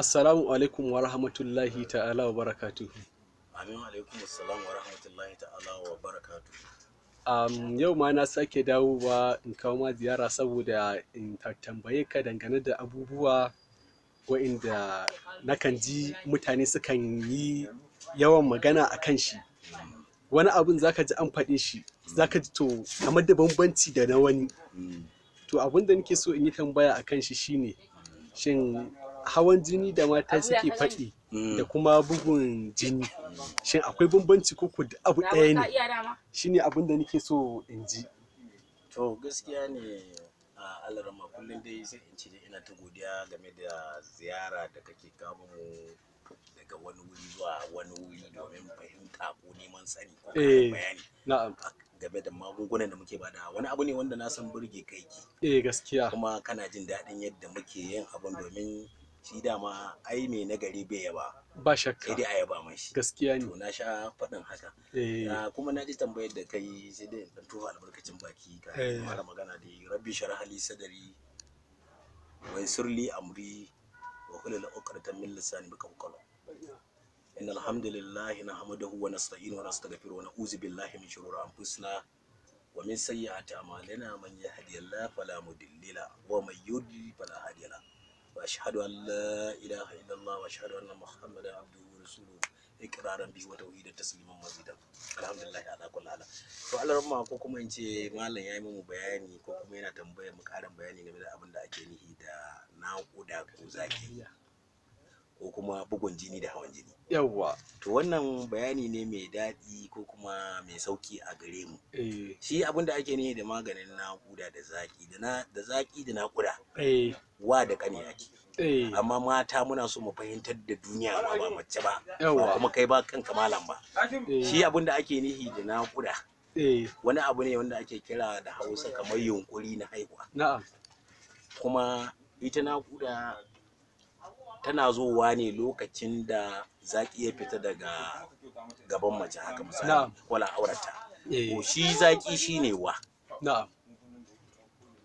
assalamu alaikum wa rahmatullahi ta'ala wa barakatuhu amin alaikum assalamu wa rahmatullahi ta'ala wa barakatuhu yau ma na sake ba in kawo ma ziyara saboda in tambaye ka dangane da abubuwa wa'inda nakan ji mutane sukan yi yawan magana a kan shi wani abin zaka ji an faɗi shi zaka ji to kamar da bambanci da na wani mm. to abin da nake so in yi tambaya a kan shi shine shin hawan jini da mata suke faɗi mm. da kuma bugun jini shin akwai bambanci ko da abu ɗaya ne ne abin da nake so in ji to gaskiya ne a alarama kullum dai sai in ce ina ta godiya game da ziyara da kake kawo mu daga wani wuri zuwa wani wuri domin fahimta ko neman sani ko eh, bayani game da magungunan da muke bada wani abu ne wanda na san burge kai eh gaskiya kuma kana jin daɗin yadda muke yin abun domin shi dama ai mai nagari bai yaba ba shakka sai dai a yaba shi, gaskiya ne to na sha faɗin haka eh. ah, kuma na ji tambayar da kai sai dai dan tofa albarkacin baki ka eh. fara magana da rabbi sharhali Sadari, wai surli amri wa hulul uqdatan min lisani bi qawqala إن الحمد لله نحمده ونستعينه ونستغفره ونعوذ بالله من شرور أنفسنا ومن سيئات أعمالنا من يهدي الله فلا مضل له ومن يضلل فلا هادي له وأشهد أن لا إله إلا الله وأشهد أن محمدا عبده ورسوله إقرارا به وتوحيدا تسليما مزيدا الحمد لله على كل حال to Allah ko kuma in ce malam yayi mu bayani ko kuma yana tambayar mu karin bayani game da abin da ake nihi da naƙuda ko zakiya ko kuma bugun jini da hawan jini yawwa to wannan bayani ne mai daɗi ko kuma mai sauki a gare mu Eh. shi abin da ake ne da maganin naƙuda da zaƙi da na da zaki da naƙuda Eh. wa da ƙani ake Eh. amma mata muna so mu fahimtar da duniya ma ba mace ba ba kuma kai ba kanka malam ba eh. shi abin da ake nihi da naƙuda eh. wani abu ne wanda ake kira da hausa kamar yunkuri na haihuwa kuma ita naƙuda tana zowa ne lokacin da zaki ya fita daga gaban mace haka misali wala aurata ko eh. shi zaki shine wa na'am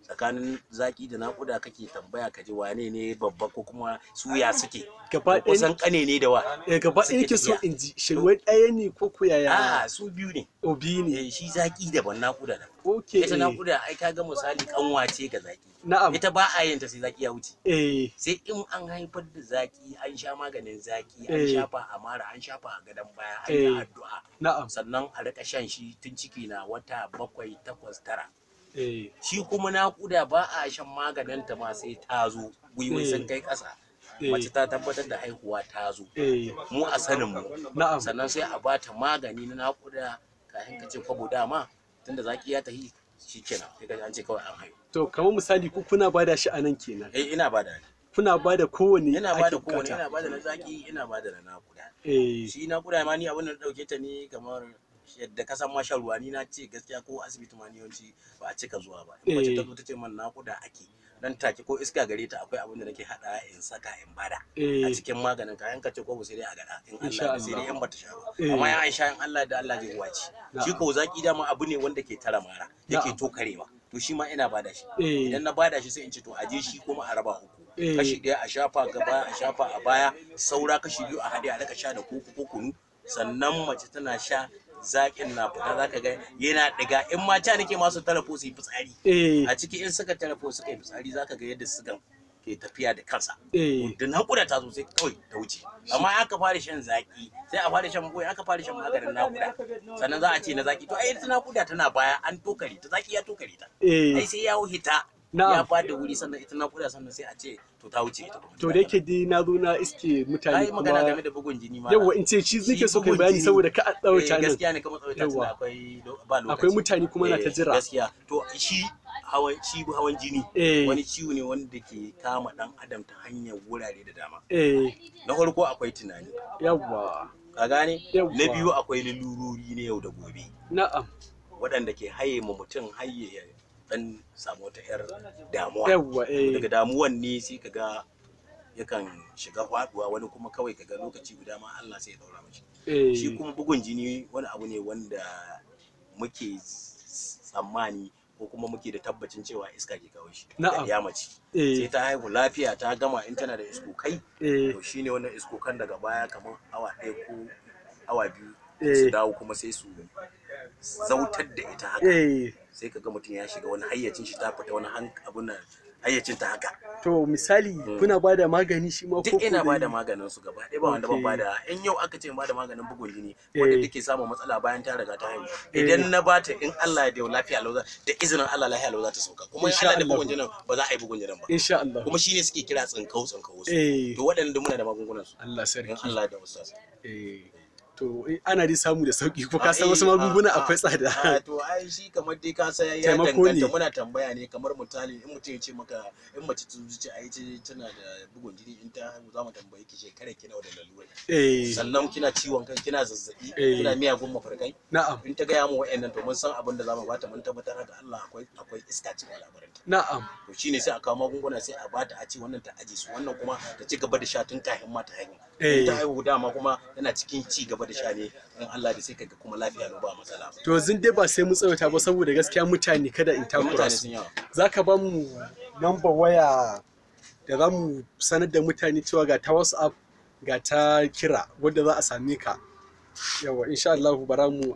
tsakanin zaki da nakuda kake tambaya ka ji wane ne babba ko kuma suya suke gaba kusan kane ne da wa eh, gaba ɗaya yake so in ji shirwai ɗaya ne ko kuyaya? yaya a su biyu ne o biyu ne eh, shi zaki daban nakuda da okay ita nakuda ai ka ga misali kanwa ce ga zaki na'am ita ba a yin ta sai zaki ya wuce eh sai in an haifar da zaki an sha maganin zaki an eh. shafa a mara an shafa a gadon baya an yi addu'a na'am sannan a rika shan shi tun ciki na wata bakwai takwas tara Eh. shi kuma naƙuda ba a shan maganin ta ma sai ta zo gwiwai sun eh. kai ƙasa eh. mace ta tabbatar da haihuwa ta zo mu a sanin mu sannan sai a bata magani na naƙuda kafin ka ce kwabo dama tunda zaki ya tahi shi kenan sai ka an ce kawai an haihu to kamar misali ku kuna bada shi a nan kenan eh ina bada kuna bada da kowane ina bada kowanne, kowane ina bada na zaki ina bada na naƙuda eh shi naƙuda ma ni abin da dauke ta ne kamar yadda ka san masha ruwa ni na ce gaskiya ko asibiti ma yawanci ba a cika zuwa ba in mace ta zo ta ce man nakuda ake dan take ko iska gare ta akwai abin da nake hada in saka in bada a eh. cikin maganin kayan ka ce ko sai dai a gada in Allah sai dai in bata sha ba eh. amma ya Aisha in Allah da Allah zai wace shi ko zaki dama abu ne wanda ke tara mara yake to karewa to shi ma ina bada shi eh. idan na bada shi sai in ce to aje shi kuma a raba uku kashi daya a shafa gaba a shafa a baya saura kashi biyu a hade a daka sha da koko ko kunu sannan mace tana sha zaƙin na fita za ka ga yana ɗiga in ma ca nake masu tarafo su fitsari eh. a ciki in suka tarafo suka yi fitsari za ka ga yadda suka ke tafiya da kansa eh. da naƙuda ta zo sai kawai ta wuce amma aka fara shan zaƙi sai a fara shan koyi aka fara shan maganin naƙuda sannan za a ce na zaƙi to ai ita naƙuda tana baya an tokare ta zaƙi ya tokare ta eh. ai sai ya hita ya ba da wuri sannan ita na kuda sannan sai a ce to ta wuce ita to da yake dai na zo na iske mutane kuma magana game da bugun jini ma yawa in ce shi nake so kai bayani saboda ka a tsawaita nan eh, gaskiya ne kamar tsawaita tana akwai ba lokaci akwai mutane kuma na ta eh, jira gaskiya to shi hawan shi hawan jini eh. wani ciwo ne wanda ke kama dan adam ta hanyar wurare da dama na farko akwai tunani yawa ka gane na biyu akwai lalurori ne yau da gobe na'am waɗanda ke haye ma mutum haye dan samu wata yar damuwa eh. daga damuwan ne sai ka yakan shiga faduwa wani kuma kawai ka ga lokaci guda ma Allah sai ya daura mashi eh. shi kuma bugun jini wani abu ne wanda muke tsammani ko kuma muke da tabbacin cewa iska ke kawo shi da ya mace eh. sai ta haihu lafiya ta gama in tana da iskokai to shine wannan kan daga baya kamar awa ɗaya ko awa biyu su dawo kuma sai su zautar da ita haka sai kaga mutum ya shiga wani hayyacin shi ta fita wani abun nan hayyacin ta haka to misali mm. kuna ba da magani shi ma duk ina ba da maganin su gaba ɗaya ba wanda ban ba da in yau aka ce ba da maganin bugun jini wanda eh. take samun matsala bayan ta riga ta haihu idan eh. na bata in Allah ya dawo lafiya lau da izinin Allah lafiya lau za ta sauka kuma in Allah da bugun jinin ba za a yi bugun jinin ba insha Allah kuma shine suke kira tsinkau tsinkau eh. to waɗanda muna da magungunan su Allah sarki in Allah da wasu eh to eh, ana dai samu da sauki ko ka ah, san eh, wasu ah, magunguna ah, akwai tsada to ai shi kamar dai ka san ya danganta muna tambaya ne kamar mutane, in mutum ya ce maka in mace ta zuci ai ce tana da bugun jini in ta haihu za mu tambaye ki shekara kina da lalura eh. sannan kina ciwon kai kina zazzabi kina miyagun mafarkai na'am in ta gaya mu wa'annan to mun san abin da za mu bata mun tabbatar haka Allah akwai akwai iska cikin labarinta na'am to shine sai a kawo magunguna sai a bata a ce wannan ta aje su wannan kuma ta ci gaba da sha tun kafin ma ta eh ta haihu dama kuma yana cikin ci gaba da sha ne in Allah da sai kaga kuma lafiya ba matsala to yanzu dai ba sai mu tsawata ba saboda gaskiya mutane kada in takura su zaka ba mu number waya da za mu sanar da mutane cewa ga ta WhatsApp ga ta kira wanda za a same ka yawa insha Allah bara mu